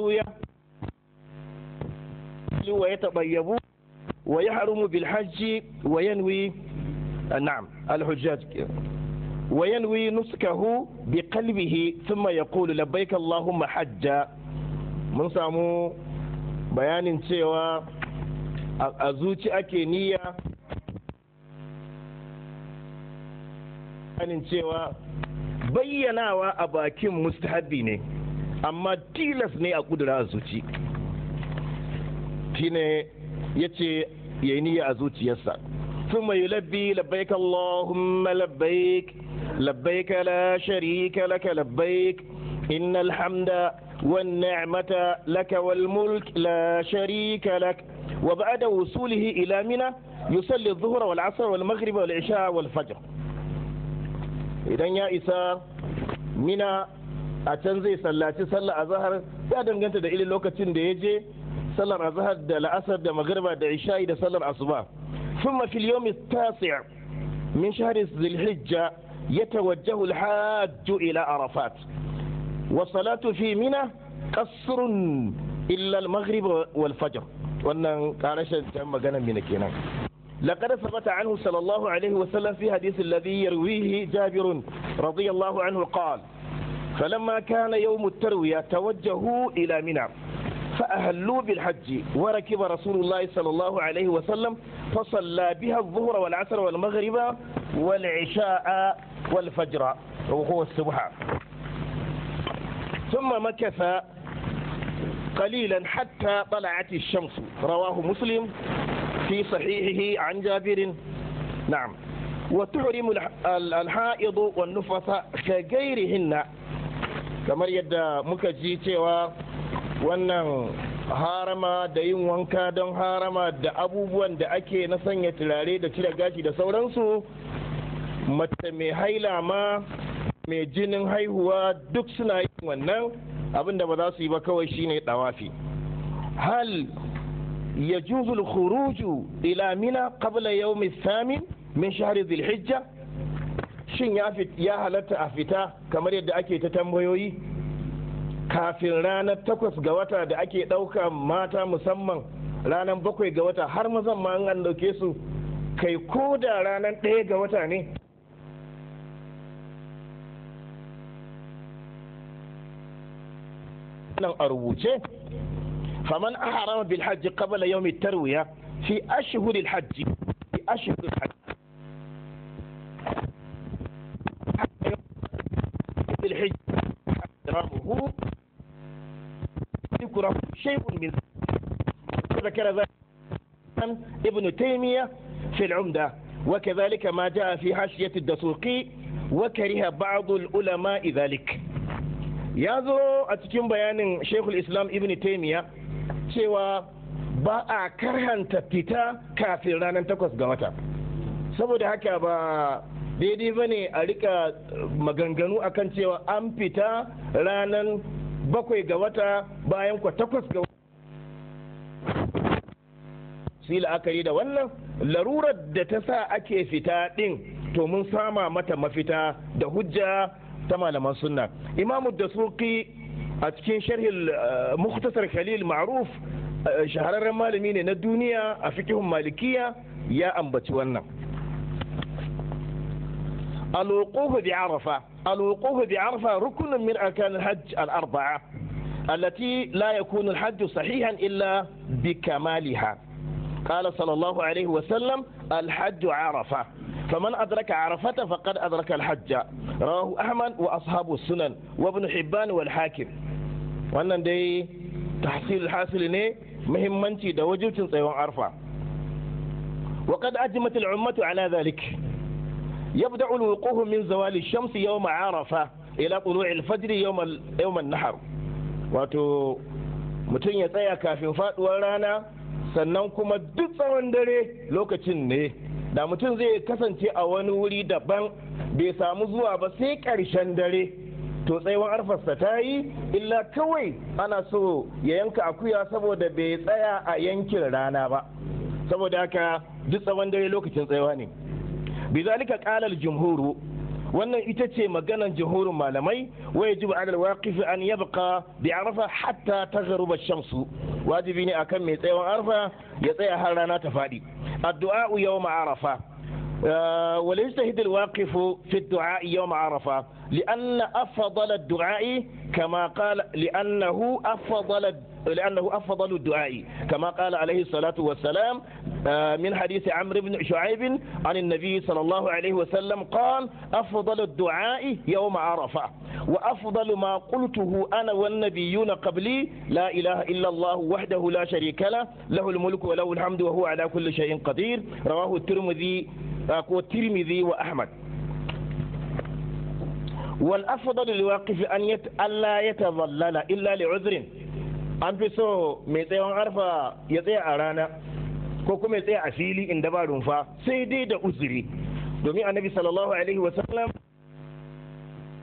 yankan wuya wa ya tabayyabu wa ya harumu bil hajji wa yanwi eh, na'am al wa yanwi nuskahu bi qalbihi thumma yaqulu labbaika allahumma hajja mun samu bayanin cewa a zuci ake niyya bayanin cewa bayyanawa a bakin mustahabi ne amma tilas ne a kudura a zuci shine ya ce ya yi niyya a zuciyarsa ثم يلبي لبيك اللهم لبيك لبيك لا شريك لك لبيك إن الحمد والنعمة لك والملك لا شريك لك وبعد وصوله إلى منى يصلي الظهر والعصر والمغرب والعشاء والفجر إذا يا إسا منى a can zai sallaci sallar azahar ya danganta da irin lokacin da ya je sallar azahar da la'asar da magarba da isha'i da sallar asuba thumma fil yawmi tasi' min shahri dhulhijja yatawajjahu al-hajj ila arafat wa salatu fi mina qasrun illa al-maghrib wal fajr wannan karashin can magana mina kenan لقد ثبت عنه صلى الله عليه وسلم في حديث الذي يرويه جابر رضي الله عنه قال فلما كان يوم التروية توجهوا إلى منى فأهلوا بالحج وركب رسول الله صلى الله عليه وسلم فصلى بها الظهر والعصر والمغرب والعشاء والفجر وهو السبحة ثم مكث قليلا حتى طلعت الشمس رواه مسلم في صحيحه عن جابر نعم وتحرم الحائض والنفث كغيرهن kamar yadda muka ji cewa wannan harama da yin wanka don harama da abubuwan da ake na sanya turare da cire gashi da sauransu mace mai haila ma mai jinin haihuwa duk suna yin wannan abinda ba za su yi ba kawai shine dawafi hal ya juzul khuruju ila mina qabla yawmi thamin min shahri dhil shin ya halatta a fita kamar yadda ake ta tambayoyi kafin ranar takwas ga wata da ake ɗauka mata musamman ranar bakwai ga wata har mazan ma an ɗauke su kai ko da ranar ɗaya ga wata ne nan a rubuce faman aharama bil hajji yau mai tarwiya fi ashhuril hajji fi ashhuril hajji يكرهه يكره شيء من ذكر ذلك ابن تيمية في العمدة وكذلك ما جاء في حاشية الدسوقي وكره بعض العلماء ذلك ya zo a cikin bayanin shekul islam ibn taimiya cewa ba a karhanta fita kafin ranar takwas ga wata saboda haka ba daidai ba ne a rika maganganu akan cewa an fita ranar bakwai ga wata bayan kwa takwas ga wata su yi la'akari da wannan larurar da ta sa ake fita ɗin to mun sama mata mafita da hujja ta malaman sunna imamu da suki a cikin sharhil eh, muktasar khalil maaruf eh, shahararren malami ne na duniya a fikihun malikiya ya ambaci wannan الوقوف بعرفة الوقوف بعرفة ركن من أركان الحج الأربعة التي لا يكون الحج صحيحا إلا بكمالها قال صلى الله عليه وسلم الحج عرفة فمن أدرك عرفة فقد أدرك الحج رواه أحمد وأصحاب السنن وابن حبان والحاكم wannan dai tahsil hasili ne muhimmanci da wajibcin tsayon arfa وقد أجمت العمة على ذلك يبدع الوقوف من زوال الشمس يوم عرفة إلى طلوع الفجر يوم يوم النحر wato mutum ya tsaya kafin ورانا rana sannan kuma duk tsawon dare lokacin ne da mutum zai kasance a wani wuri daban bai samu zuwa ba sai ƙarshen dare to tsayawar arfarsa ta yi illa kawai ana so ya yanka akuya saboda bai tsaya a yankin rana ba saboda haka duk tsawon dare lokacin tsayawa ne bizalika qala al-jumhur wannan ita ce maganan jihurin malamai wa yajibu ala waqifi an yabqa bi arfa hatta taghruba ash-shamsu wajibi ne akan mai tsayawan arfa ya tsaya har rana ta fadi addu'a yawm arafa وليجتهد الواقف في الدعاء يوم عرفه لأن أفضل الدعاء كما قال لأنه أفضل لأنه أفضل الدعاء كما قال عليه الصلاة والسلام آه، من حديث عمرو بن شعيب عن النبي صلى الله عليه وسلم قال أفضل الدعاء يوم عرفة وأفضل ما قلته أنا والنبيون قبلي لا إله إلا الله وحده لا شريك له له الملك وله الحمد وهو على كل شيء قدير رواه الترمذي آه، الترمذي وأحمد wal afdalu lil waqif an yat alla yatadhallala illa li an fi so mai tsayawan arfa ya tsaya a rana ko kuma ya tsaya a fili inda ba rumfa sai dai da uzuri domin annabi sallallahu alaihi wasallam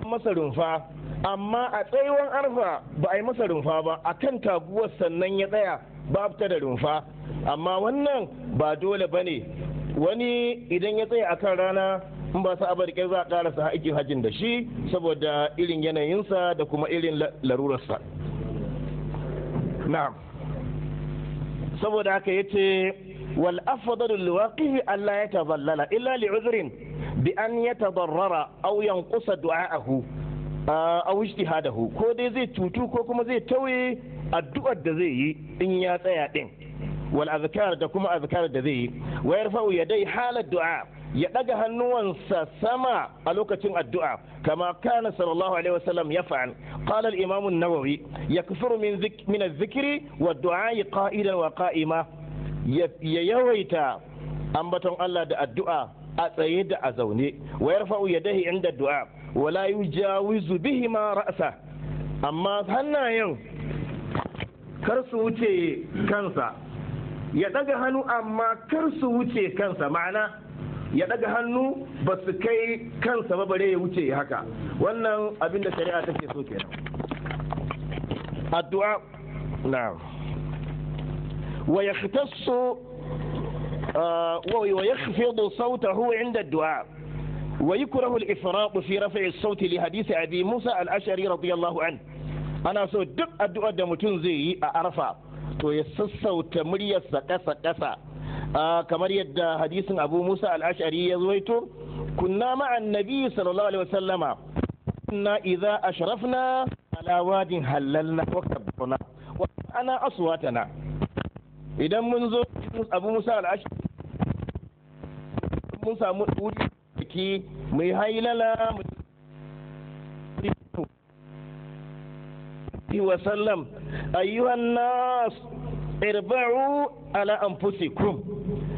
masa rumfa amma a tsayuwan arfa ba a yi masa rumfa ba a kan taguwar sannan ya tsaya ba ta da rumfa amma wannan ba dole ba ne wani idan ya tsaya akan rana in ba sa da za a karasa aikin hajjin da shi saboda irin yanayinsa da kuma irin larurarsa na'am saboda haka yace wal afdalu liwaqihi alla yatadallala illa li'udhrin bi an yatadarrara aw yanqusa du'a'ahu aw ijtihadahu ko dai zai cutu ko kuma zai tauye addu'ar da zai yi in ya tsaya din wal azkar da kuma azkar da zai yi wa yarfa'u yadai halar du'a ya ɗaga hannuwansa sama a lokacin addu'a kama kana sallallahu alaihi wasallam ya fa'al qala al-imam an-nawawi yakthuru min min wa du'a qa'idan wa qa'ima ya yawaita ambaton Allah da addu'a a tsaye da a zaune wa yarfa'u yadayhi inda du'a wa la yujawizu bihima ra'sa amma hannayen kar su wuce kansa ya ɗaga hannu amma kar su wuce kansa ma'ana ya daga hannu ba su kai kansa ba bare ya wuce haka wannan abin da shari'a take so kenan addu'a na'am wa yaktasu wa yakhfidu sawtahu 'inda ad-du'a ويكره الإفراط في رفع الصوت لحديث أبي موسى الأشعري رضي الله عنه أنا سو دق أدعو دمتون زي أعرفه to ya sassauta muryarsa ƙasa ƙasa Ah, kamar yadda hadisin abu musa al-ash'ari ya zuwaito kunna ma'an nabi sallallahu alaihi wasallama kunna idza ashrafna ala wadin halalna wa kabbarna wa ana aswatana idan mun zo abu musa al-ash'ari mun samu wuri ki mai hailala mu وسلم أيها الناس اربعوا على أنفسكم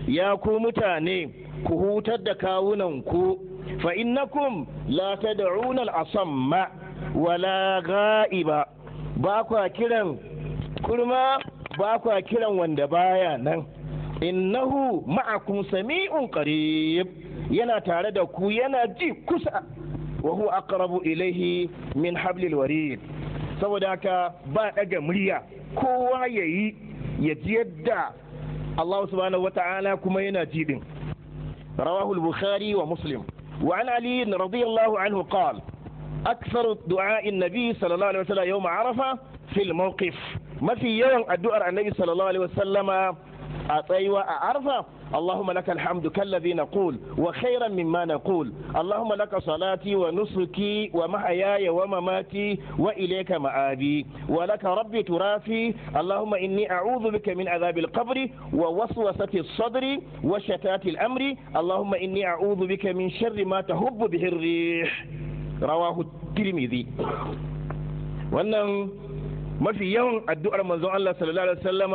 ya ku mutane ku hutar da kawunanku fa innakum la tad'una al-asamma wala ga'iba ba kwa kiran kurma ba kwa kiran wanda baya nan innahu ma'akum sami'un qarib yana tare da ku yana ji kusa wa huwa aqrabu ilayhi min hablil warid saboda ka ba daga murya kowa yayi ya ji yadda الله سبحانه وتعالى كما يناتي رواه البخاري ومسلم وعن علي رضي الله عنه قال أكثر دعاء النبي صلى الله عليه وسلم يوم عرفة في الموقف ما في يوم الدعاء النبي صلى الله عليه وسلم أطيوة أعرفة اللهم لك الحمد كالذي نقول وخيرا مما نقول اللهم لك صلاتي ونسكي ومحياي ومماتي وإليك معادي ولك ربي ترافي اللهم إني أعوذ بك من عذاب القبر ووسوسة الصدر وشتات الأمر اللهم إني أعوذ بك من شر ما تهب به الريح رواه الترمذي ما في يوم yawan addu'ar الله صلى الله عليه وسلم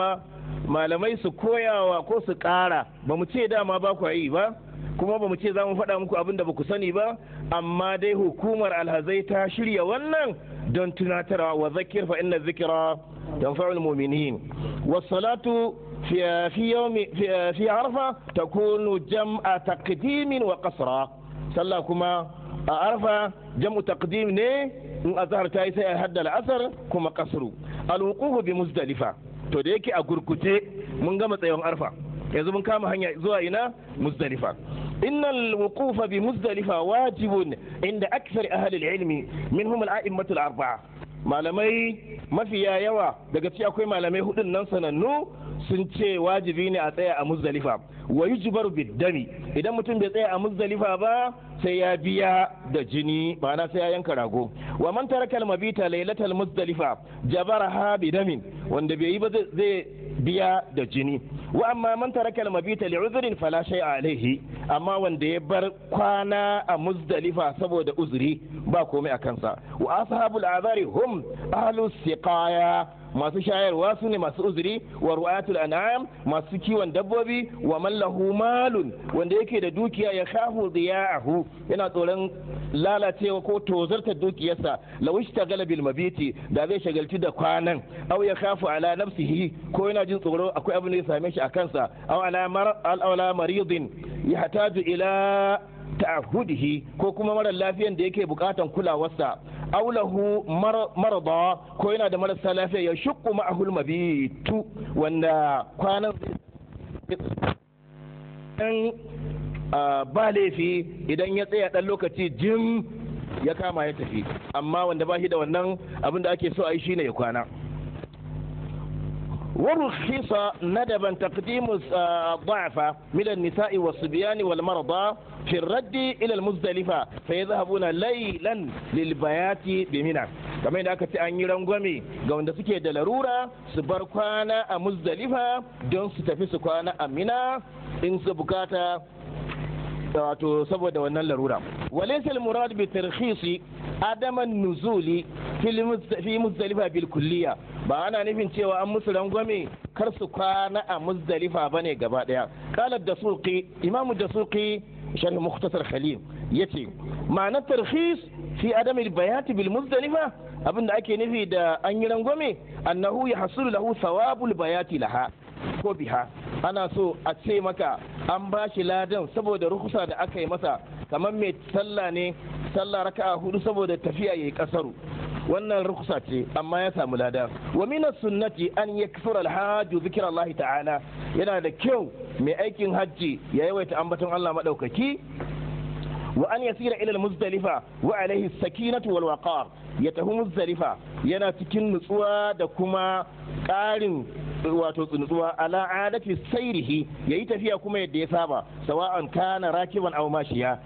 malamai su koyawa ko su ƙara ba mu ce dama ba ku yi ba kuma ba mu ce za mu faɗa muku abin da ba ku sani ba amma dai hukumar alhazai ta shirya wannan don tunatarwa wa zakir fa inna zikira tanfa'ul mu'minin was-salatu في يوم في, في عرفة تكون a تقديم jamu صلى ne عرفة جمع ta yi sai a تايسة حد kuma kasru قصر الوقوف بمزدلفة to da yake a gurguje mun gama tsayon arfa yanzu mun kama hanya zuwa ina muzdalifa إن الوقوف بمزدلفة واجب عند ilmi أهل العلم منهم الأئمة الأربعة malamai mafiya yawa daga ci akwai malamai hudun nan sanannu sun ce wajibi ne a tsaya a muzdalifa wa yujbaru biddami idan mutum bai tsaya a muzdalifa ba sai ya biya da jini ma'ana sai ya yanka rago wa man taraka al-mabita laylatal muzdalifa jabaraha bidamin wanda bai yi ba zai biya da jini wa amma man taraka al-mabita li'udhrin fala alaihi amma wanda ya bar kwana a muzdalifa saboda uzuri ba komai a kansa wa ashabul azari hum ahlus siqaya masu shayarwa su ne masu uzuri wa ru'atul an'am masu kiwon dabbobi wa man lahu malun wanda yake da dukiya ya khafu diya'ahu yana tsoron lalacewa ko tozartar dukiyarsa law ishtagala galabil mabiti da zai shagalci da kwanan aw ya khafu ala nafsihi ko yana jin tsoro akwai abin da ya same shi a kansa aw ala mar ala maridin yahtaju ila ta'ahudihi ko kuma mara lafiyan da yake bukatan kulawarsa aulahu marada ko yana da marasa lafiya ya shukku ma'ahul mabitu wanda kwanan zai ba laifi idan ya tsaya dan lokaci jim ya kama ya tafi amma wanda ba shi da wannan abin da ake so a yi shine ya kwana ورخص ندبا تقديم الضعف من النساء والصبيان والمرضى في الرد إلى المزدلفة فيذهبون ليلا للبيات بمنى كما إذا أكت أن يرنغمي قوند سكي دلرورة سبر كوانا مزدلفة دون ستفس كوانا أمنا إن سبكاتا wato saboda wannan larura walaysa al-murad bi tarkhisi adam an-nuzuli fi muzdalifa bil kulliya ba ana nufin cewa an musu rangwame kar su kwana a muzdalifa ba ne gaba ɗaya kalar da suƙi imamu da suƙi shan muktasar khalil ya ce ma'anar tarhis fi adamil bayati bil muzdalifa abinda ake nufi da an yi rangwame annahu ya hasulu lahu sawabul bayati laha ko biha ana so a ce maka an ba shi ladan saboda rukusa da aka yi masa kamar mai sallah ne sallah raka'a hudu saboda tafiya yayi kasaru wannan rukhsa ce amma ya samu lada wa min sunnati an yakfura alhaju zikra Allah ta'ala yana da kyau mai aikin hajji ya yawaita ambaton Allah madaukaki wa an yasira ila muzdalifa wa alaihi sakinatu wal waqar ya tahu muzdalifa yana cikin nutsuwa da kuma ƙarin wato tsuntsuwa ala adati sairihi yayi tafiya kuma yadda ya saba sawa'an kana rakiban aw mashiya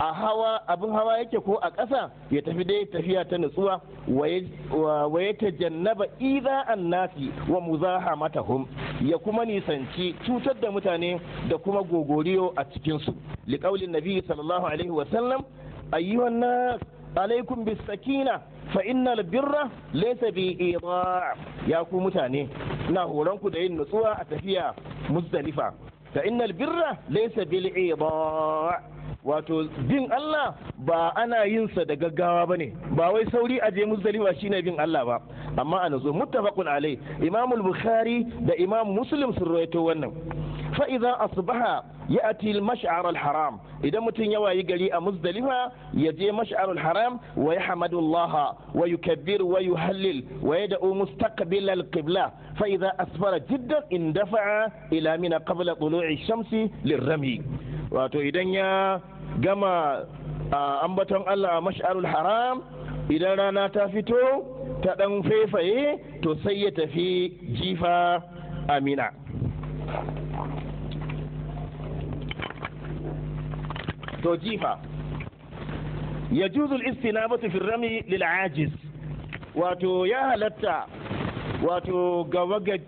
a hawa abin hawa yake ko a ƙasa ya tafi dai tafiya ta nutsuwa wa ya tajannaba idza annasi wa muzahamatahum ya kuma nisanci cutar da mutane da kuma gogoriyo a cikin su liqaulin nabi sallallahu alaihi wa sallam ayyuhan nas alaikum bis sakina fa innal birra laysa bi ya ku mutane ina horon ku da yin nutsuwa a tafiya muzdalifa fa innal birra laysa bil wato bin Allah ba ana yin sa da gaggawa bane ba wai sauri a je muzdalifa shine bin Allah ba amma a nazo muttafaqun alai Imam bukhari da Imam Muslim sun rawaito wannan fa asbaha ya'ti al-mash'ar al-haram idan mutum ya wayi gari a muzdalifa ya je mash'arul haram wa yahmadu Allah wa yukabbir wa yuhallil wa yad'u mustaqbil al-qibla fa idza asfara jiddan indafa'a ila mina qabla tulu'i shamsi lirrami wato idan ya gama ambaton Allah a mash'arul haram idan rana ta fito ta ɗan faifaye to sai ya tafi jifa amina to jifa ya juzul istinabatu fi rami lil wato ya halatta wato ga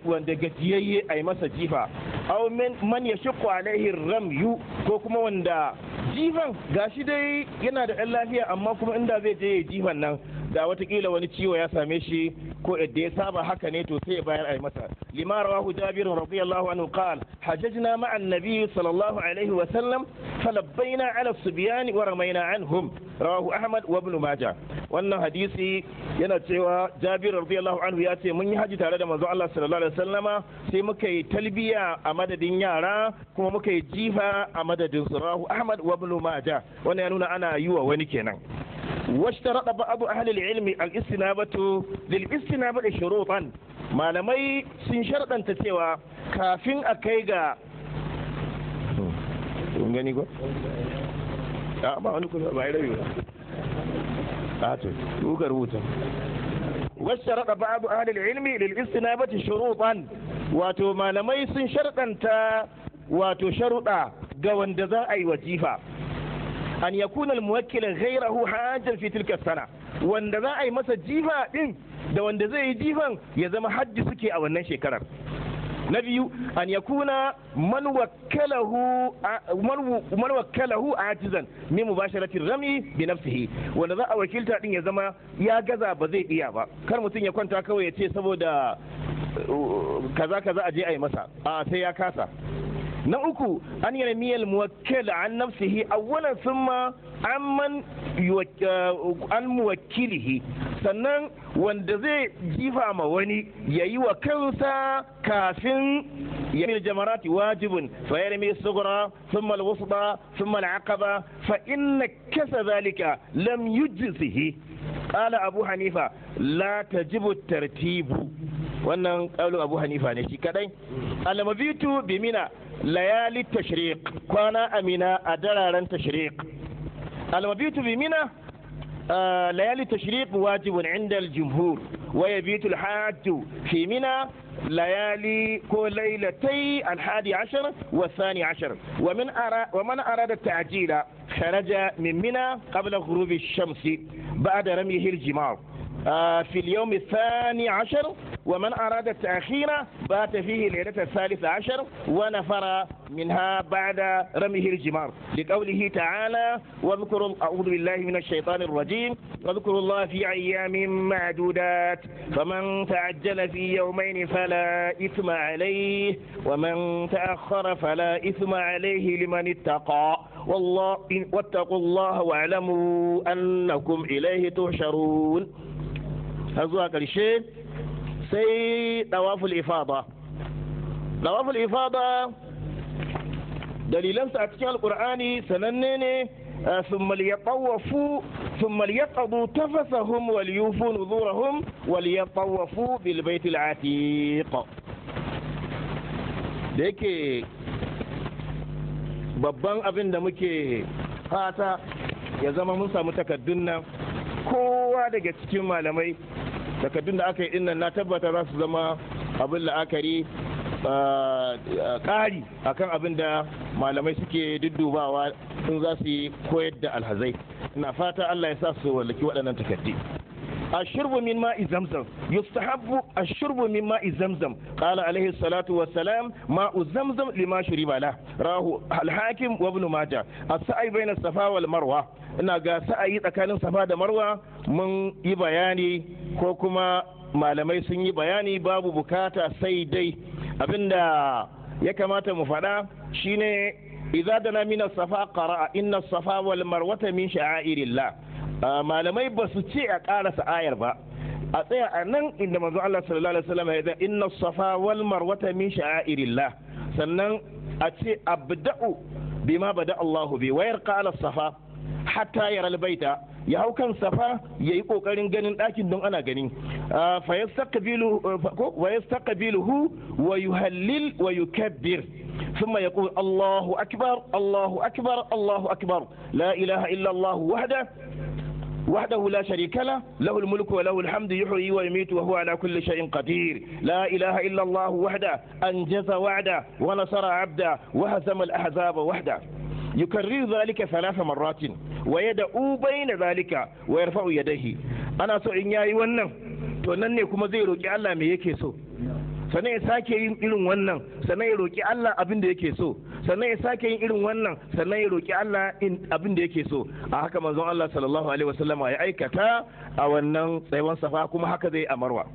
wanda gajiyayye a yi masa jifa aw man yashiqu alaihi ramyu ko kuma wanda jifan gashi dai yana da ɗan lafiya amma kuma inda zai je jifan nan da watakila wani ciwo ya same shi ko yadda ya saba haka ne to sai ya bayar a masa lima rawahu jabir radiyallahu anhu qal hajjajna ma'an nabi sallallahu alaihi wa sallam فلبينا على الصبيان ورمينا عنهم رواه أحمد وابن ماجه wannan hadisi yana cewa jabir radiyallahu anhu ya ce mun yi haji tare da manzo Allah sallallahu alaihi wasallama sai muka yi talbiya a madadin yara kuma muka jifa a madadin surahu ahmad wa ibn majah wannan ya nuna ana yi wa wani kenan واشترط بعض أهل العلم الاستنابة للاستنابة شروطا malamai sun sharɗanta cewa kafin a kai ga kun gani ko a ba wani kuma rabi ba a to duka rubuta washarada ba'du ahli ilmi lil istinabati shurutan wato malamai sun sharɗanta wato sharuɗa ga wanda za a yi wajifa an yakuna al-muwakkil ghayrahu hajjan fi tilka sana wanda za a yi masa jifa din da wanda zai yi jifan ya zama hajji suke a wannan shekarar na biyu an yakuna man wakkalahu man ne ajizan min rami bi nafsihi wanda za a wakilta din ya zama ya gaza ba zai iya ba kar mutum ya kwanta kawai ya ce saboda uh, kaza kaza a je a yi masa a sai ya kasa na uku an yana miyal muwakkil an nafsihi awwalan thumma amman an muwakkilihi sannan wanda zai jifa ma wani yayi wa kansa kafin ya mil jamarati wajibun fa yarmi sughra thumma alwusta thumma alaqaba fa inna kasa zalika lam yujzihi قال ابو حنيفه لا تجب الترتيب wannan kaulin abu hanifa ne shi kadai almabitu bi mina layali tashriq kwana amina a dararen tashriq almabitu bi mina layali tashriq wajibun inda aljumhur wa yabitu alhajju fi mina ليالي ليلتي الحادي عشر والثاني عشر ومن أرا ومن أراد التعجيل خرج من منى قبل غروب الشمس بعد رميه الجمار في اليوم الثاني عشر ومن أراد التأخير بات فيه الليلة الثالثة عشر ونفر منها بعد رميه الجمار لقوله تعالى واذكروا أعوذ بالله من الشيطان الرجيم واذكروا الله في أيام معدودات فمن تعجل في يومين فلا إثم عليه ومن تأخر فلا إثم عليه لمن اتقى والله واتقوا الله واعلموا أنكم إليه تحشرون هذا الشيء sai dawaful ifada dawaful ifada dalilansa a cikin alkur'ani sananne ne ثم ليطوفوا ثم ليقضوا تفسهم وليوفوا نذورهم وليطوفوا بالبيت العتيق da yake babban abin da muke fata ya zama mun samu takaddun nan kowa daga cikin malamai takaddun da aka yi dinnan na tabbata za su zama abin la'akari ah, ah, ƙari akan abin da malamai suke duddubawa sun za su yi koyar da alhazai ina fata allah ya sa su wallaki waɗannan takardu. ashurbu min ma'i zamzam yustahabbu ashurbu min ma'i zamzam qala alaihi salatu wassalam ma'u zamzam lima shuriba la rahu al-hakim wa ibn majah as-sa'i baina safa wal marwa ina ga sa'ayi tsakanin safa da marwa mun yi bayani ko kuma malamai sun yi bayani babu bukata sai dai abinda ya kamata mu faɗa shine idza dana min as-safa qara'a inna as-safa wal marwata min sha'airillah malamai ba su ce a karasa ayar ba a tsaya a nan inda manzo Allah sallallahu alaihi wasallam ya da inna safa wal marwata min sha'airillah sannan a ce abda'u bima bada Allah bi wayar qala safa hatta yara albaita ya hau kan safa ya yi kokarin ganin ɗakin don ana gani fa yastaqbiluhu wa yuhallil wa yukabbir ثم يقول الله أكبر الله أكبر الله أكبر لا إله إلا الله وحده وحده لا شريك له له الملك وله الحمد يحيي ويميت وهو على كل شيء قدير لا إله إلا الله وحده أنجز وعده ونصر عبده وهزم الأحزاب وحده يكرر ذلك ثلاث مرات ويدعو بين ذلك ويرفع يديه أنا سعيني إن ياي كما زيرو جعلنا ne sannan ya sake yin irin wannan sannan ya roƙi Allah abin da yake so sannan ya sake yin irin wannan sannan ya roƙi Allah abin da yake so a haka manzon Allah sallallahu alaihi wasallam ya aikata a wannan tsayuwan safa kuma haka zai amarwa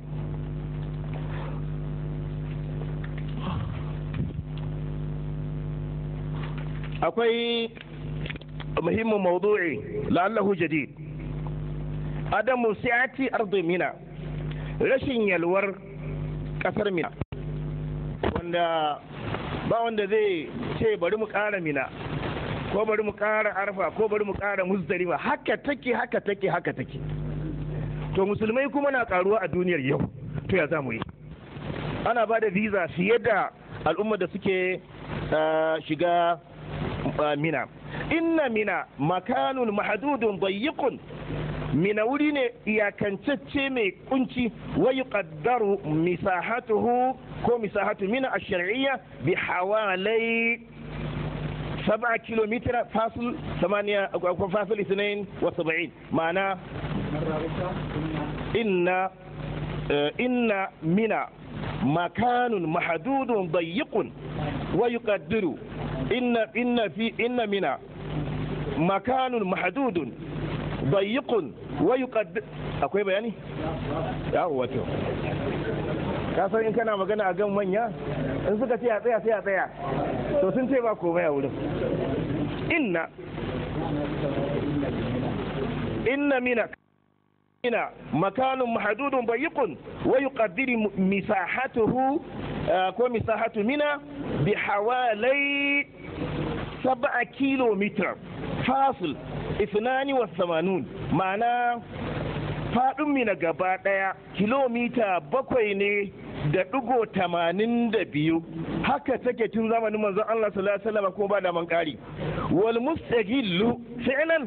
akwai muhimmin mawdu'i la'allahu jadid adamu si'ati ardi mina rashin yalwar kasar mina wanda ba wanda zai ce bari mu ƙara mina ko bari mu ƙara arfa ko bari mu ƙara muzdalifa haka take haka take haka take to musulmai kuma na karuwa a duniyar yau to ya zamu yi ana ba da visa fiye da al'umma da suke eh, shiga eh, mina inna mina makanun mahadudun bayyikun من أولين يا كنتمي كنتي ويقدر مساحته كو مساحته من الشرعية بحوالي سبعة كيلومتر فاصل ثمانية فاصل اثنين وسبعين معنا إن إن منا مكان محدود ضيق ويقدر إن إن في إن منا مكان محدود dayyikun wayu yuqaddar akwai bayani ya wato ka in kana magana a gan manya in suka ce a tsaya sai a tsaya to sun ce ba komai a wurin inna inna mina ina makanun mahadudun bayyukun wayu yuqaddiri misahatuhu eh, ko misahatu mina bi hawalai سبعة كيلو متر فاصل اثنان والثمانون معناه faɗin mina gaba ɗaya kilomita bakwai ne da ɗigo tamanin da biyu haka take tun zamanin manzon Allah sallallahu alaihi wasallam ko ba da man ƙari wal mustaqillu fi'lan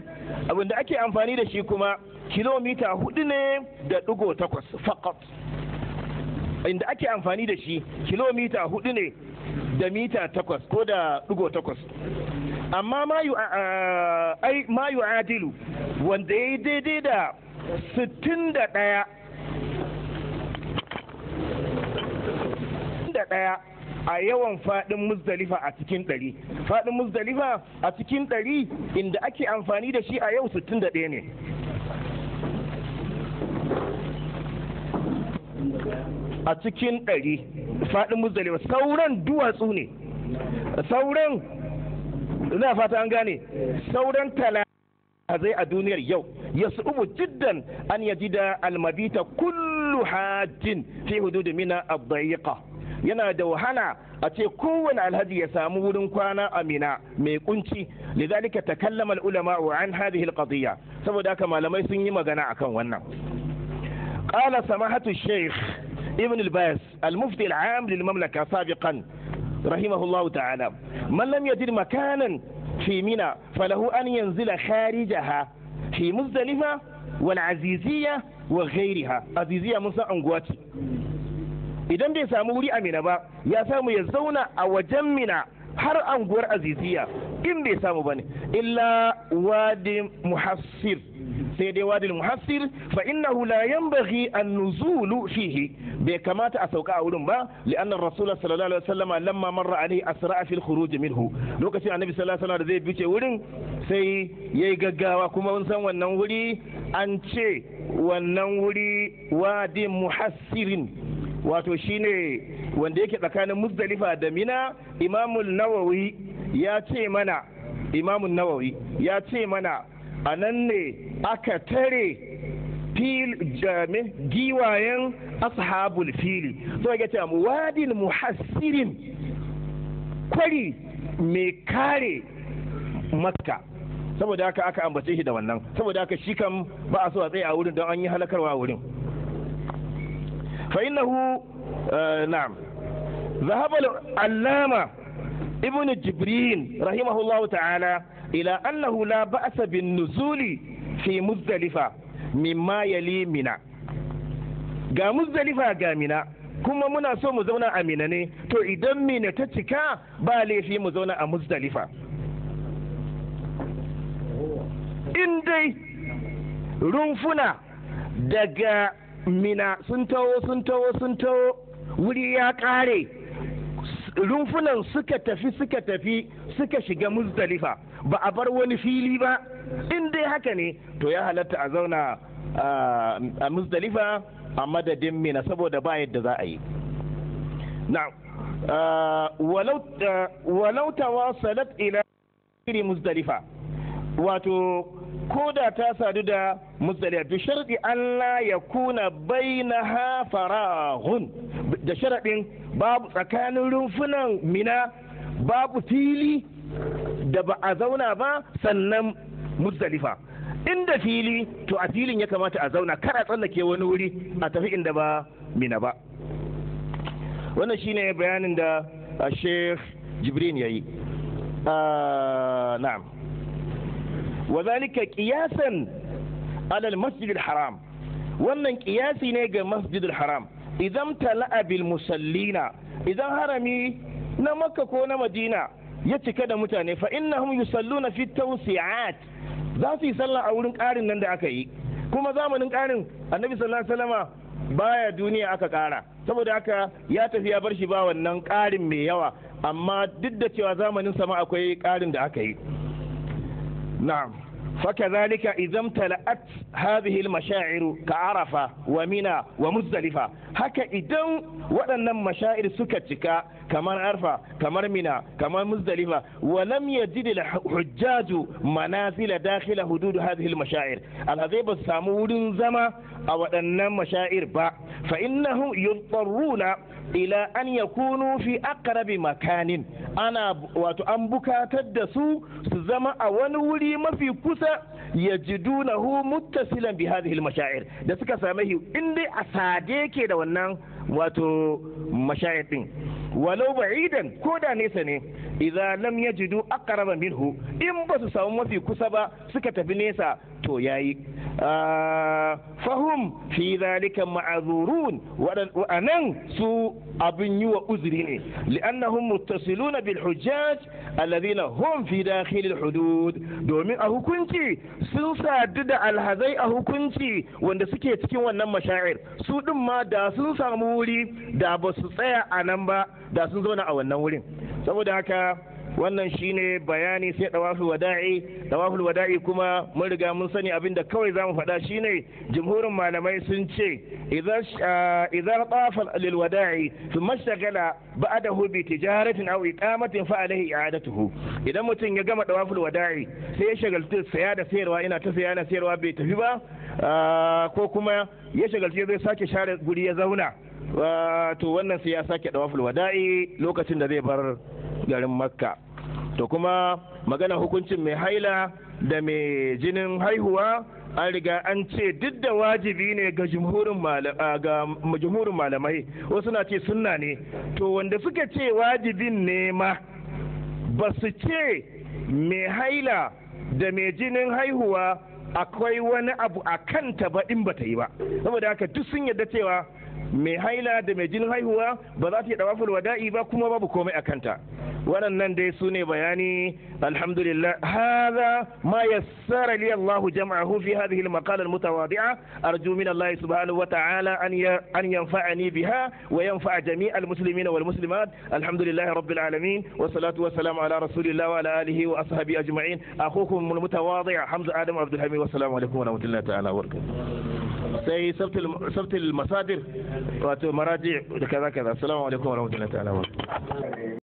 abin da ake amfani da shi kuma kilomita hudu ne da ɗigo takwas faqat inda ake amfani da shi kilomita hudu ne da mita takwas ko da ɗigo takwas amma mayu adilu wanda ya yi daidai da sittin da ɗaya a yawan faɗin muzdalifa a cikin ɗari faɗin muzdalifa a cikin ɗari inda ake amfani da shi a yau sittin da ɗaya ne a cikin ɗari faɗin muzdalifa sauran duwatsu ne sauran ina fata an gane sauran tala zai a duniyar yau ya su'ubu jiddan an da almabita kullu hajjin fi hududi mina abdayiqa yana da wahala a ce kowane alhaji ya samu wurin kwana a Minna mai kunci ta takallama ulama wa an hadhihi alqadiyya saboda haka malamai sun yi magana akan wannan qala samahatu shaykh ابن الباس المفتي العام للمملكة سابقا رحمه الله تعالى من لم يجد مكانا في منى فله أن ينزل خارجها في مزدلفة والعزيزية وغيرها عزيزية موسى أنغواتي idan bai samu wuri amina ba ya samu ya zauna a wajen mina har anguwar aziziya in bai samu ba ne illa wadi muhassir sai dai wadil muhassir fa innahu la yanbaghi an nuzulu fihi bai kamata a sauka a wurin ba li'anna rasul sallallahu alaihi wasallam lamma marra alaihi asra fil khuruj minhu lokacin annabi sallallahu alaihi wasallam zai bice wurin sai yayi gaggawa kuma mun san wannan wuri an ce wannan wuri wadin muhassirin wato shine wanda yake tsakanin muzdalifa da mina imamul nawawi ya ce mana nawawi ya ce mana a nan ne aka tare giwayen ashabul fili so ga cewa wadin muhassirin kwari mai kare makka saboda haka aka ambace shi da wannan saboda haka shi kan ba a so a tsaye a wurin don an yi halakarwa a wurin fa innahu eh, na'am zahabal allama ibn jibrin rahimahullahu ta'ala ila annahu la ba'sa bin nuzuli fi muzdalifa mimma yali mina ga muzdalifa ga mina kuma muna so mu zauna a mina ne to idan mina ta cika ba laifi mu zauna a muzdalifa in dai rumfuna daga mina sun taho sun taho sun taho wuri ya ƙare. rumfunan suka tafi suka tafi suka shiga muzdalifa ba a bar wani fili ba in dai haka ne to ya halatta a zauna a muzdalifa a madadin mina saboda ba yadda za a yi walau tawasalat ila muzdalifa wato ko da ta sadu da musdalifa bi sharadi Allah ya kuna bainaha farahun da sharadin babu tsakanin rumfunan mina babu fili da ba a zauna ba sannan musdalifa inda fili to a filin ya kamata a zauna kar a tsallake wani wuri a tafi inda ba mina ba wannan shine bayanin da sheikh jibrin ya yi ah, na'am Wazalika zalika qiyasan haram wannan ƙiyasi ne ga masjid haram idan tala'a bil musallina idan harami na makka ko na madina ya cika da mutane fa innahum yusalluna fi tawsi'at za su yi sallah a wurin ƙarin nan da aka yi kuma zamanin ƙarin annabi sallallahu alaihi wasallama baya duniya aka ƙara saboda haka ya tafi ya bar shi ba wannan ƙarin mai yawa amma duk da cewa zamanin sama akwai ƙarin da aka yi نعم فكذلك إذا امتلأت هذه المشاعر كعرفة ومنى ومزدلفة هكا إذا ولن مشاعر سكتك kamar arfa kamar mina kamar muzdalifa walam lam yajid al-hujjaju manazila dakhila hudud hadhihi al-mashaa'ir alhazai ba su samu wurin zama a waɗannan masha'ir ba fa innahum yutarruna ila an yakunu fi aqrabi makanin ana wato an bukatar da su su zama a wani wuri mafi kusa yajidunahu muttasilan bi hadhihi al-mashaa'ir da suka same shi in a sade ke da wannan wato mashair din walau ba'idan ko da nesa ne idza lam yajidu aqraba minhu in ba su samu mafi kusa ba suka tafi nesa to yayi ah, fahum fi zalika ma'azurun waɗannan su abin yi wa uzuri ne li'annahum muttasiluna bil hujjaj alladhina hum fi dakhil al hudud domin a hukunci sun sadu da alhazai a hukunci wanda suke cikin wannan mashair su din ma da sun samu wuri da ba su tsaya a nan ba da sun zauna a wannan wurin saboda haka wannan shine bayani sai dawaful wada'i dawaful wada'i kuma mun riga mun sani abinda kawai zamu faɗa shine jumhurin malamai sun ce idan idan tafa lil wada'i thumma mashagala ba'dahu bi tijaratin aw iqamatin fa alaihi i'adatuhu idan mutum ya gama dawaful wada'i sai ya shagaltu saya da sayarwa ina ta saya na sayarwa bai tafi ba ko kuma ya shagaltu zai sake share guri ya zauna to wannan sai ya sake dawaful wada'i lokacin da zai bar garin makka to kuma magana hukuncin mai haila da mai jinin haihuwa an riga an ce duk da wajibi ne ga jumhurin malamai wasu na ce sunna ne to wanda suka ce wajibin ne ma ba su ce mai haila da mai jinin haihuwa akwai wani abu a kanta ba in ta yi ba saboda haka duk sun yarda cewa mai haila da mai jin haihuwa ba za ta yi dawaful wada'i ba kuma babu komai a kanta waɗannan dai su ne bayani alhamdulillah hadha ma yassara li Allahu jama'ahu fi hadhihi al-maqala al-mutawadi'a arju min Allah subhanahu wa ta'ala an an yanfa'ani biha wa yanfa'a jami' al-muslimin wal muslimat alhamdulillah rabbil alamin wa salatu wa salam ala rasulillah wa ala alihi wa ashabi ajma'in akhukum al-mutawadi' Hamza Adam Abdul Hamid wa salam alaykum wa rahmatullahi ta'ala wa barakatuh sai saftil masadir wato maraji da kaza kaza assalamu alaikum warahmatullahi ta'ala